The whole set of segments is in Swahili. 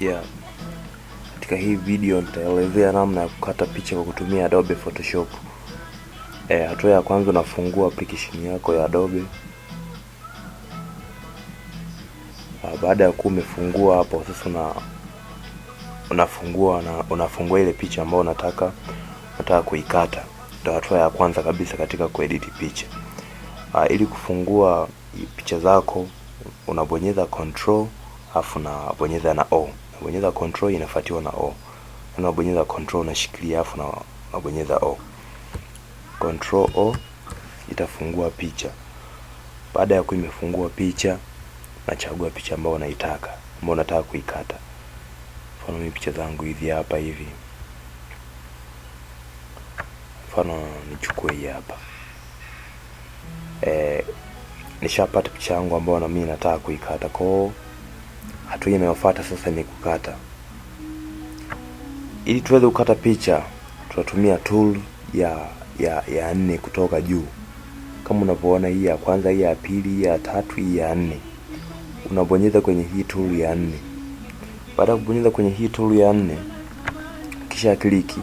Yeah. Katika hii video nitaelezea namna ya kukata picha kwa kutumia Adobe Photoshop. Eh, hatua ya kwanza unafungua application yako ya Adobe. Baada ya kuwa umefungua hapo sasa una unafungua na unafungua ile picha ambayo unataka unataka kuikata. Ndio hatua ya kwanza kabisa katika kuedit picha. Uh, ili kufungua picha zako unabonyeza control afu unabonyeza na O. Bonyeza control inafuatiwa na O. Yaani na bonyeza control nashikilia afu na nabonyeza O. Control O itafungua picha. Baada ya kuimefungua picha, nachagua picha ambayo unaitaka, ambayo unataka kuikata. Mfano mimi picha zangu hizi hapa hivi. Mfano nichukue hii hapa. Eh, nishapata picha yangu ambayo na mimi nataka kuikata. Kwa hiyo hatua inayofuata sasa ni kukata. Ili tuweze kukata picha, tutatumia tool ya ya ya nne kutoka juu, kama unavyoona, hii ya kwanza, hii ya pili, hii ya tatu, hii ya nne. Unabonyeza kwenye hii tool ya nne. Baada ya kubonyeza kwenye hii tool ya nne, kisha kliki,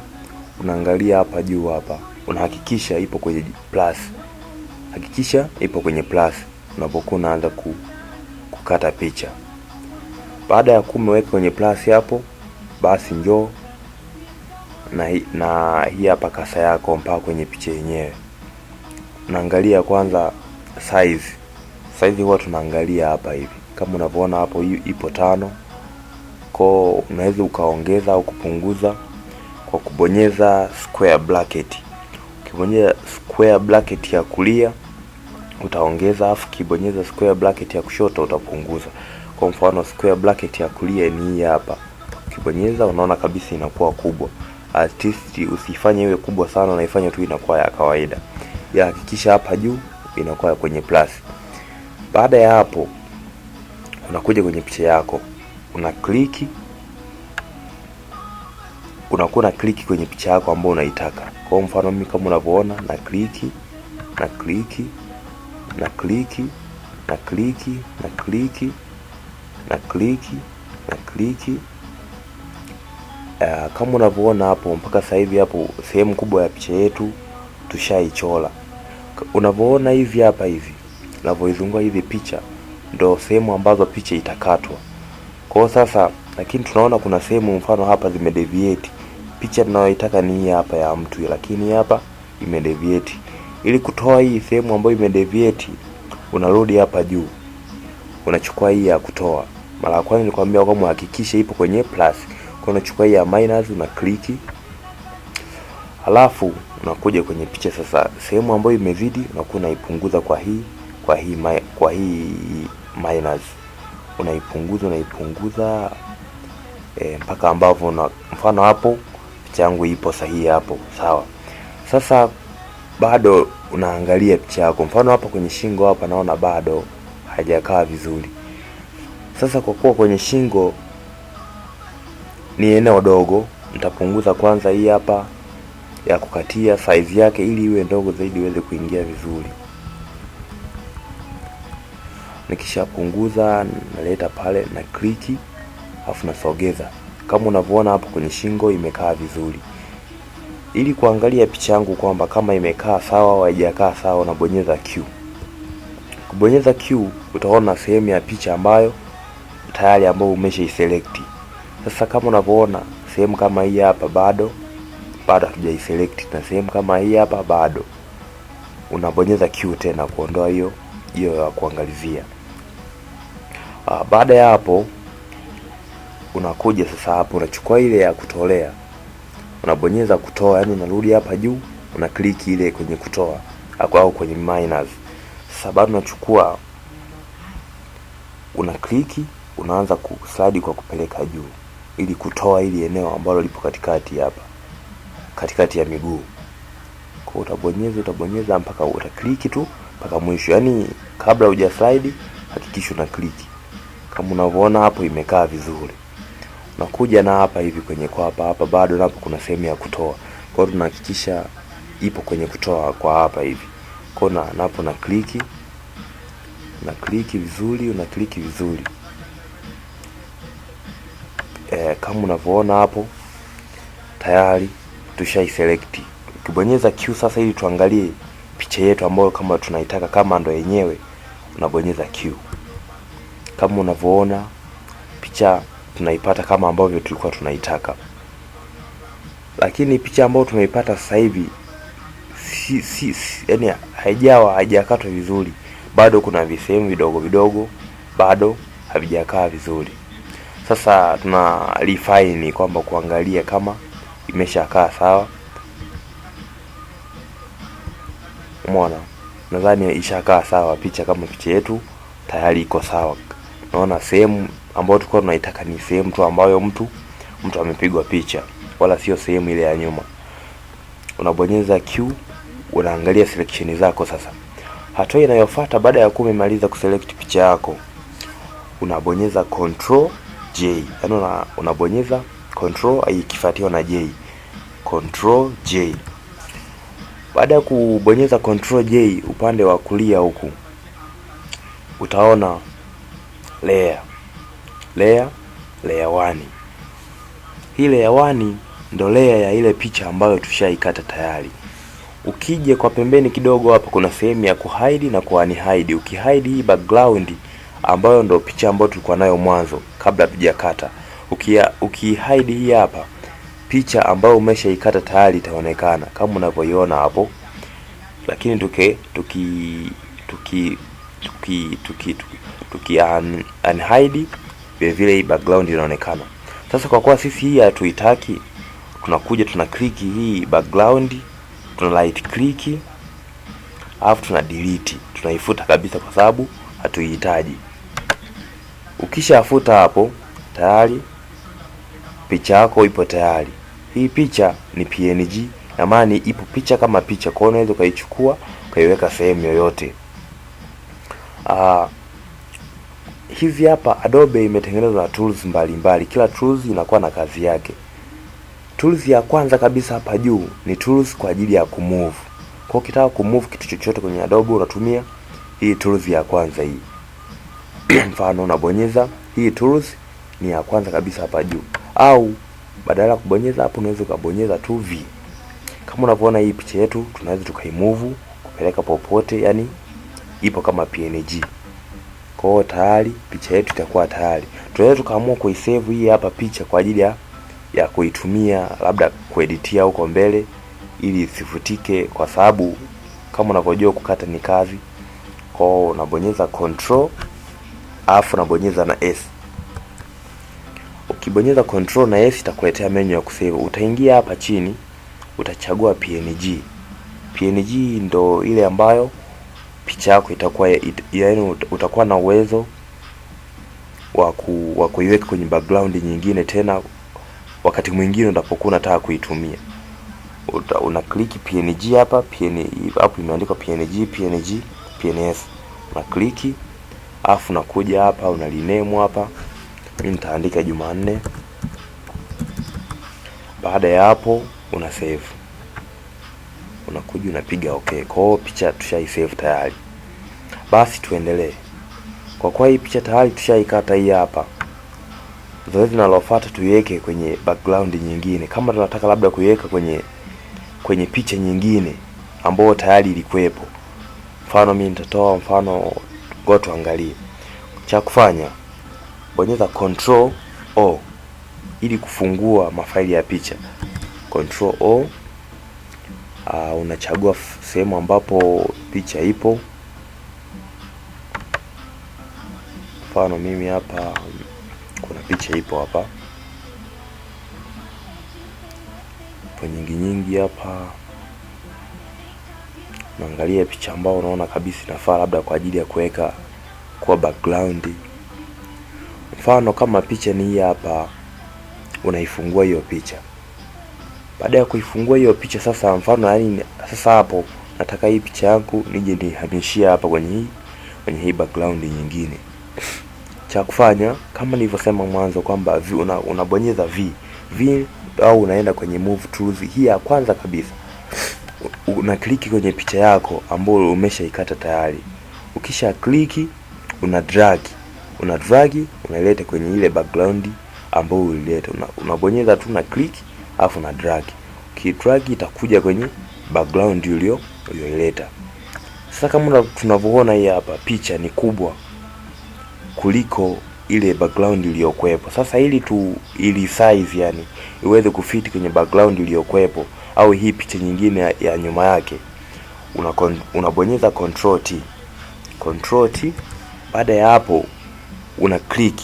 unaangalia hapa juu hapa, unahakikisha ipo kwenye plus, hakikisha ipo kwenye plus unapokuwa unaanza ku, kukata picha. Baada ya kumi umeweka kwenye plus hapo, basi njoo na, na hii hapa kasa yako mpaka kwenye picha yenyewe. Unaangalia kwanza size. Size huwa tunaangalia hapa hivi kama unavyoona hapo, hii ipo tano. Kwa unaweza ukaongeza au kupunguza kwa kubonyeza square bracket. Ukibonyeza square bracket ya kulia utaongeza, afu kibonyeza square bracket ya kushoto utapunguza. Kwa mfano square bracket ya kulia ni hii hapa, ukibonyeza unaona kabisa inakuwa kubwa. At least usifanye iwe kubwa sana, unaifanya tu inakuwa ya kawaida ya hakikisha hapa juu inakuwa kwenye plus. Baada ya hapo, unakuja kwenye picha yako una click unakuwa na click kwenye picha yako ambayo unaitaka. Kwa mfano mimi kama unavyoona na click na click na click na click na click na kliki na kliki. Uh, kama unavyoona hapo mpaka sasa hivi hapo sehemu kubwa ya picha yetu tushaichola. Unavyoona hivi hapa hivi unavyoizunguka hivi picha ndo sehemu ambazo picha itakatwa. Kwa sasa lakini tunaona kuna sehemu mfano hapa zimedeviate. Picha tunayoitaka ni hii hapa ya mtu, lakini hapa imedeviate. Ili kutoa hii sehemu ambayo imedeviate, unarudi hapa juu, unachukua hii ya kutoa mara ya kwanza nilikwambia kwamba hakikisha ipo kwenye plus. Kwa unachukua ya minus una click. Alafu unakuja kwenye picha sasa, sehemu ambayo imezidi unakuwa unaipunguza kwa hii kwa hii kwa hii minus. Unaipunguza unaipunguza e, mpaka ambavyo na mfano hapo picha yangu ipo sahihi hapo, sawa. Sasa bado unaangalia picha yako, mfano hapa kwenye shingo hapa naona bado hajakaa vizuri. Sasa kwa kuwa kwenye shingo ni eneo dogo, nitapunguza kwanza hii hapa ya kukatia size yake ili iwe ndogo zaidi iweze kuingia vizuri. Nikishapunguza naleta pale na click, afu nasogeza. Kama unavyoona hapo kwenye shingo imekaa vizuri. Ili kuangalia picha yangu kwamba kama imekaa sawa au haijakaa sawa, unabonyeza Q. Kubonyeza Q utaona sehemu ya picha ambayo tayari ambao umeshaiselect. Sasa kama unavyoona sehemu kama hii hapa bado bado hatujaiselect, na sehemu kama hii hapa bado. Unabonyeza Q tena kuondoa hiyo hiyo ya kuangalizia. Uh, Baada ya hapo, unakuja sasa hapo unachukua ile ya kutolea, unabonyeza kutoa, yani unarudi hapa juu, una click ile kwenye kutoa au kwenye minus. Sasa bado unachukua una click unaanza kuslide kwa kupeleka juu ili kutoa ili eneo ambalo lipo katikati hapa katikati ya miguu kwa utabonyeza utabonyeza mpaka uta click tu mpaka mwisho yani kabla uja slide hakikisha una click kama unavyoona hapo imekaa vizuri unakuja na hapa hivi kwenye kwa hapa hapa bado napo kuna sehemu ya kutoa kwa hiyo tunahakikisha ipo kwenye kutoa kwa hapa hivi kwa napo na kliki na click vizuri una click vizuri e, kama unavyoona hapo tayari select. Ukibonyeza Q sasa, ili tuangalie picha yetu ambayo kama tunaitaka kama ndo yenyewe, unabonyeza Q. Kama unavyoona picha tunaipata kama ambavyo tulikuwa tunaitaka, lakini picha ambayo tumeipata sasa hivi si, si, si, yani haijawa haijakatwa vizuri, bado kuna visehemu vidogo vidogo bado havijakaa vizuri. Sasa tuna refine kwamba kuangalia kama imeshakaa sawa. Umeona, nadhani ishakaa sawa picha, kama picha yetu tayari iko sawa. Naona sehemu ambayo tulikuwa tunaitaka ni sehemu tu ambayo mtu mtu amepigwa picha, wala sio sehemu ile ya nyuma. Unabonyeza Q, unaangalia selection zako. Sasa hatua inayofuata baada ya kumemaliza kuselect picha yako, unabonyeza control J. Yaani una, unabonyeza control ikifuatiwa na J. Control J. Baada ya kubonyeza control J upande wa kulia huku utaona layer. Layer, layer 1. Hii layer 1 ndo layer ya ile picha ambayo tushaikata tayari. Ukija kwa pembeni kidogo, hapa kuna sehemu ya kuhide na ku unhide. Ukihide hii background ambayo ndo picha ambayo tulikuwa nayo mwanzo kabla hatujakata. Ukihide hii hapa picha ambayo umeshaikata tayari itaonekana kama unavyoiona hapo, lakini tuki tuki tuki tuki tuki, tuki, tuki un, unhide vile vile hii background inaonekana. Sasa kwa kuwa sisi hii hatuitaki, tunakuja tuna click hii background, tuna right click alafu tuna delete, tunaifuta kabisa kwa sababu hatuihitaji. Ukishafuta hapo tayari picha yako ipo tayari. Hii picha ni PNG na maana ipo picha kama picha, kwa unaweza ukaichukua ukaiweka sehemu yoyote. Ah, hivi hapa Adobe imetengeneza tools mbalimbali mbali. Kila tools inakuwa na kazi yake. Tools ya kwanza kabisa hapa juu ni tools kwa ajili ya kumove. Kwa hiyo ukitaka kumove kitu chochote kwenye Adobe unatumia hii tools ya kwanza hii mfano unabonyeza hii tools ni ya kwanza kabisa hapa juu, au badala ya kubonyeza hapo unaweza ukabonyeza tu v. Kama unavyoona hii picha yetu tunaweza tukaimove kupeleka popote, yani ipo kama PNG. Kwa hiyo tayari picha yetu itakuwa tayari. Tunaweza tukaamua kuisave hii hapa picha kwa ajili ya ya kuitumia labda kueditia huko mbele ili isifutike, kwa sababu kama unavyojua kukata ni kazi. Kwa hiyo unabonyeza control alafu unabonyeza na S. Ukibonyeza control na S itakuletea menu ya kusave. Utaingia hapa chini, utachagua PNG. PNG ndo ile ambayo picha yako itakuwa it, yaani utakuwa na uwezo wa kuiweka kwenye background nyingine tena wakati mwingine unapokuwa unataka kuitumia Uta, una click PNG hapa PNG, hapo imeandikwa PNG PNG PNS, una click afu nakuja hapa unalinemu hapa, mimi nitaandika Jumanne. Baada ya hapo una save, unakuja unapiga okay. Kwa hiyo picha tushai save tayari, basi tuendelee. Kwa kuwa hii picha tayari tushaikata hii hapa, zoezi linalofuata tuiweke kwenye background nyingine, kama tunataka labda kuiweka kwenye kwenye picha nyingine ambayo tayari ilikuwepo. Mfano mimi nitatoa mfano, ngoja tuangalie. Cha kufanya bonyeza control o ili kufungua mafaili ya picha. Control o. Uh, unachagua sehemu ambapo picha ipo. Mfano mimi hapa kuna picha ipo hapa, ipo nyingi nyingi hapa. naangalia picha ambayo unaona kabisa inafaa labda kwa ajili ya kuweka kwa background. Mfano kama picha ni hii hapa, unaifungua hiyo picha. Baada ya kuifungua hiyo picha sasa, mfano yani, sasa hapo nataka hii picha yangu nije nihamishie hapa kwenye hii kwenye hii background nyingine. Cha kufanya kama nilivyosema mwanzo kwamba una, unabonyeza v v au unaenda kwenye move tools hii ya kwanza kabisa una kliki kwenye picha yako ambayo umeshaikata tayari. Ukisha kliki una drag una drag unaileta kwenye ile background ambayo ulileta, unabonyeza una tu na click afu na drag, ki drag itakuja kwenye background ulio ulioileta. Sasa kama tunavyoona hii hapa picha ni kubwa kuliko ile background iliyokuwepo. Sasa ili tu ili size yani iweze kufiti kwenye background iliyokuwepo au hii picha nyingine ya, ya nyuma yake, unabonyeza una control T, control T baada ya hapo una click.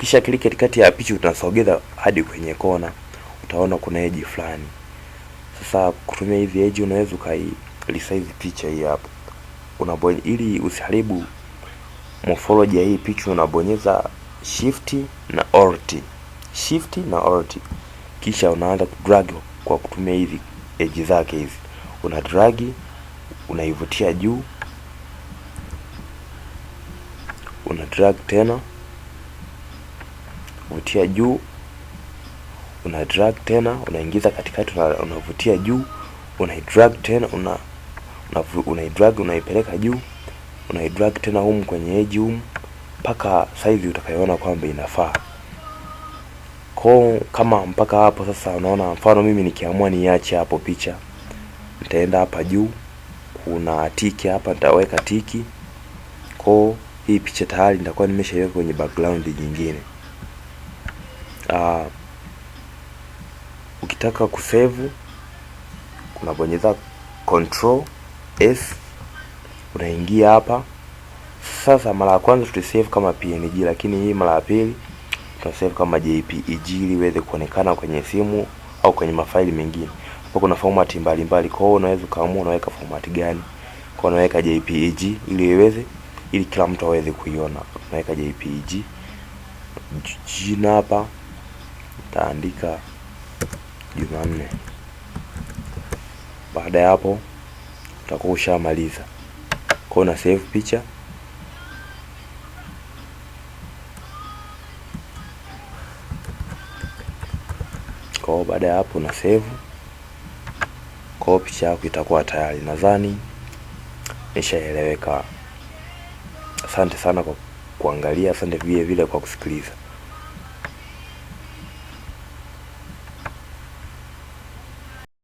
kisha click katikati ya picha utasogeza hadi kwenye kona, utaona kuna edge fulani. Sasa kutumia hizi edge unaweza ukai resize picha hii hapo. Unabonyeza ili usiharibu morphology ya hii picha, unabonyeza shift na alt. Shift na alt. Kisha unaanza kudrag kwa kutumia hizi edge zake hizi. Una drag unaivutia juu drag tena, vutia juu, una drag tena, unaingiza katikati, unavutia juu, una drag tena, una una, una drag unaipeleka juu, una drag tena humu kwenye edge humu mpaka size utakayoona kwamba inafaa. Kwa kama mpaka hapo sasa, unaona, mfano mimi nikiamua niache hapo picha, nitaenda hapa juu, kuna tiki hapa, nitaweka tiki kwa hii picha tayari nitakuwa nimeshaiweka kwenye background nyingine. Uh, ukitaka kusave unabonyeza control F unaingia hapa. Sasa mara ya kwanza tulisave kama PNG, lakini hii mara ya pili tutasave kama JPEG ili iweze kuonekana kwenye simu au kwenye mafaili mengine. Hapo kuna format mbalimbali, kwa hiyo unaweza ukaamua unaweka format gani. Kwa unaweka JPEG ili iweze ili kila mtu aweze kuiona. Tunaweka JPG jina hapa, nitaandika Jumanne. Baada ya hapo utakuwa ushamaliza. kwao, na save picha kwao. baada ya hapo na save. kwao, picha yako itakuwa tayari, nadhani nishaeleweka. Asante sana kwa kuangalia, asante vile vile kwa kusikiliza.